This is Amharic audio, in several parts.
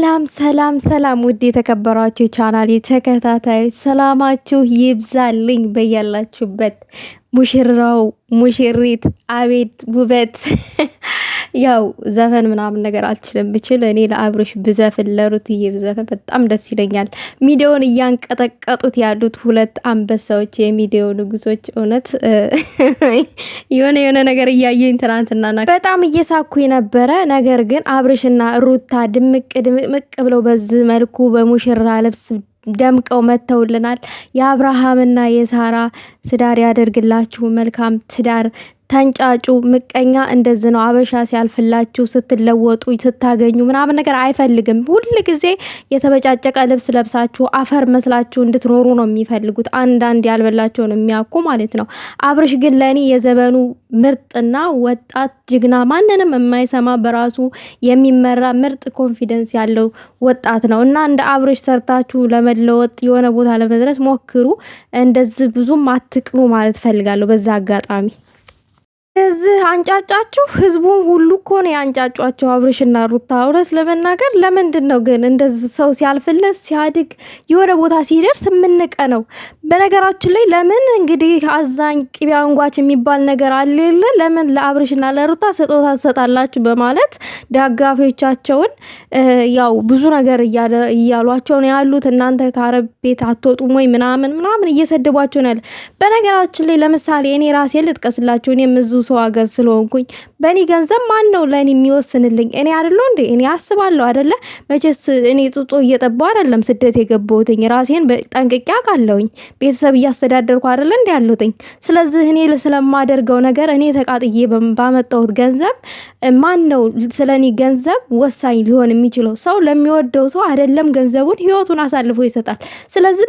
ሰላም ሰላም ሰላም ውድ የተከበሯችሁ ቻናል ተከታታዮች ሰላማችሁ ይብዛልኝ በያላችሁበት። ሙሽራው ሙሽሪት አቤት ውበት ያው ዘፈን ምናምን ነገር አልችልም። ብችል እኔ ለአብሮሽ ብዘፍን ለሩትዬ ብዘፍን በጣም ደስ ይለኛል። ሚዲዮን እያንቀጠቀጡት ያሉት ሁለት አንበሳዎች የሚዲዮ ንጉሶች፣ እውነት የሆነ የሆነ ነገር እያየኝ ትናንትና በጣም እየሳኩ ነበረ። ነገር ግን አብርሽና ሩታ ድምቅ ድምቅ ብለው በዚህ መልኩ በሙሽራ ልብስ ደምቀው መጥተውልናል። የአብርሃምና የሳራ ትዳር ያደርግላችሁ መልካም ትዳር ተንጫጩ፣ ምቀኛ እንደዚህ ነው አበሻ ሲያልፍላችሁ ስትለወጡ ስታገኙ ምናምን ነገር አይፈልግም። ሁል ጊዜ የተበጫጨቀ ልብስ ለብሳችሁ አፈር መስላችሁ እንድትኖሩ ነው የሚፈልጉት። አንዳንድ ያልበላቸው ነው የሚያኩ ማለት ነው። አብርሽ ግን ለእኔ የዘመኑ ምርጥና ወጣት ጅግና ማንንም የማይሰማ በራሱ የሚመራ ምርጥ ኮንፊደንስ ያለው ወጣት ነው እና እንደ አብርሽ ሰርታችሁ ለመለወጥ የሆነ ቦታ ለመድረስ ሞክሩ። እንደዚህ ብዙም አትቅኑ ማለት ፈልጋለሁ በዛ አጋጣሚ እዚህ አንጫጫችሁ ህዝቡን ሁሉ እኮ ነው ያንጫጫችሁ። አብርሽና ሩታ እውነት ለመናገር ለምንድን ነው ግን እንደዚህ ሰው ሲያልፍለት ሲያድግ የሆነ ቦታ ሲደርስ የምንቀ ነው? በነገራችን ላይ ለምን እንግዲህ አዛኝ ቅቤ አንጓች የሚባል ነገር አለ የለ ለምን ለአብርሽና ለሩታ ስጦታ ትሰጣላችሁ በማለት ደጋፊዎቻቸውን ያው ብዙ ነገር እያሏቸው ነው ያሉት። እናንተ ከአረብ ቤት አትወጡም ወይ ምናምን ምናምን እየሰደቧቸው ነው ያለ። በነገራችን ላይ ለምሳሌ እኔ ራሴ ልጥቀስላችሁ እኔ ሰው ሀገር ስለሆንኩኝ በእኔ ገንዘብ ማን ነው ለእኔ የሚወስንልኝ? እኔ አደለሁ እንዴ? እኔ አስባለሁ አደለ? መቼስ እኔ ጡጦ እየጠባው አደለም ስደት የገባሁትኝ። ራሴን ጠንቅቄ አውቃለሁኝ። ቤተሰብ እያስተዳደርኩ አደለ እንዴ ያለሁትኝ። ስለዚህ እኔ ስለማደርገው ነገር እኔ ተቃጥዬ ባመጣሁት ገንዘብ ማን ነው ስለ እኔ ገንዘብ ወሳኝ ሊሆን የሚችለው? ሰው ለሚወደው ሰው አደለም ገንዘቡን ህይወቱን አሳልፎ ይሰጣል። ስለዚህ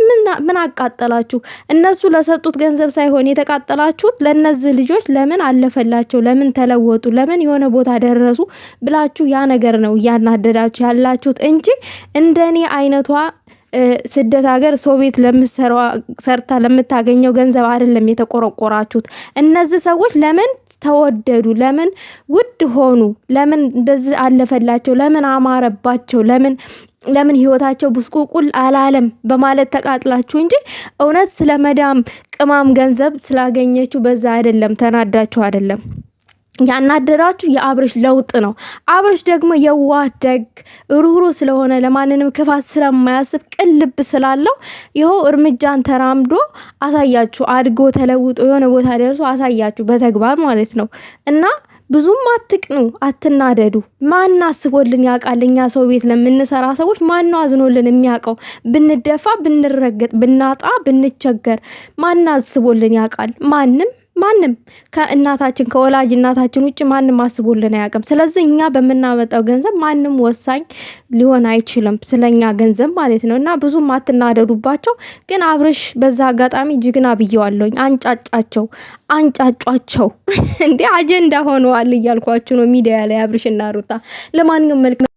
ምን አቃጠላችሁ? እነሱ ለሰጡት ገንዘብ ሳይሆን የተቃጠላችሁት ለእነዚህ ልጆች ለምን አለ አለፈላቸው? ለምን ተለወጡ? ለምን የሆነ ቦታ ደረሱ? ብላችሁ ያ ነገር ነው እያናደዳችሁ ያላችሁት እንጂ እንደኔ አይነቷ ስደት ሀገር ሶቪየት ሰርታ ለምታገኘው ገንዘብ አይደለም የተቆረቆራችሁት። እነዚህ ሰዎች ለምን ተወደዱ? ለምን ውድ ሆኑ? ለምን እንደዚህ አለፈላቸው? ለምን አማረባቸው? ለምን ለምን ህይወታቸው ብስቁቁል አላለም በማለት ተቃጥላችሁ እንጂ እውነት ስለ መዳም ቅማም ገንዘብ ስላገኘችው በዛ አይደለም፣ ተናዳችሁ አይደለም። ያናደዳችሁ የአብርሽ ለውጥ ነው። አብርሽ ደግሞ የዋህ ደግ፣ ሩህሩ ስለሆነ ለማንንም ክፋት ስለማያስብ ቅልብ ስላለው ይኸው እርምጃን ተራምዶ አሳያችሁ። አድጎ ተለውጦ የሆነ ቦታ ደርሶ አሳያችሁ በተግባር ማለት ነው እና ብዙም አትቅኑ፣ አትናደዱ። ማን አስቦልን ያውቃል? እኛ ሰው ቤት ለምንሰራ ሰዎች ማን አዝኖልን የሚያውቀው? ብንደፋ፣ ብንረገጥ፣ ብናጣ፣ ብንቸገር ማን አስቦልን ያውቃል? ማንም ማንም ከእናታችን ከወላጅ እናታችን ውጭ ማንም አስቦልን አያውቅም። ስለዚህ እኛ በምናመጣው ገንዘብ ማንም ወሳኝ ሊሆን አይችልም፣ ስለኛ ገንዘብ ማለት ነው። እና ብዙም አትናደዱባቸው። ግን አብርሽ በዛ አጋጣሚ ጅግና ብየዋለኝ። አንጫጫቸው፣ አንጫጫቸው። እንዲህ አጀንዳ ሆነዋል እያልኳችሁ ነው ሚዲያ ላይ አብርሽና ሩታ። ለማንኛውም መልክ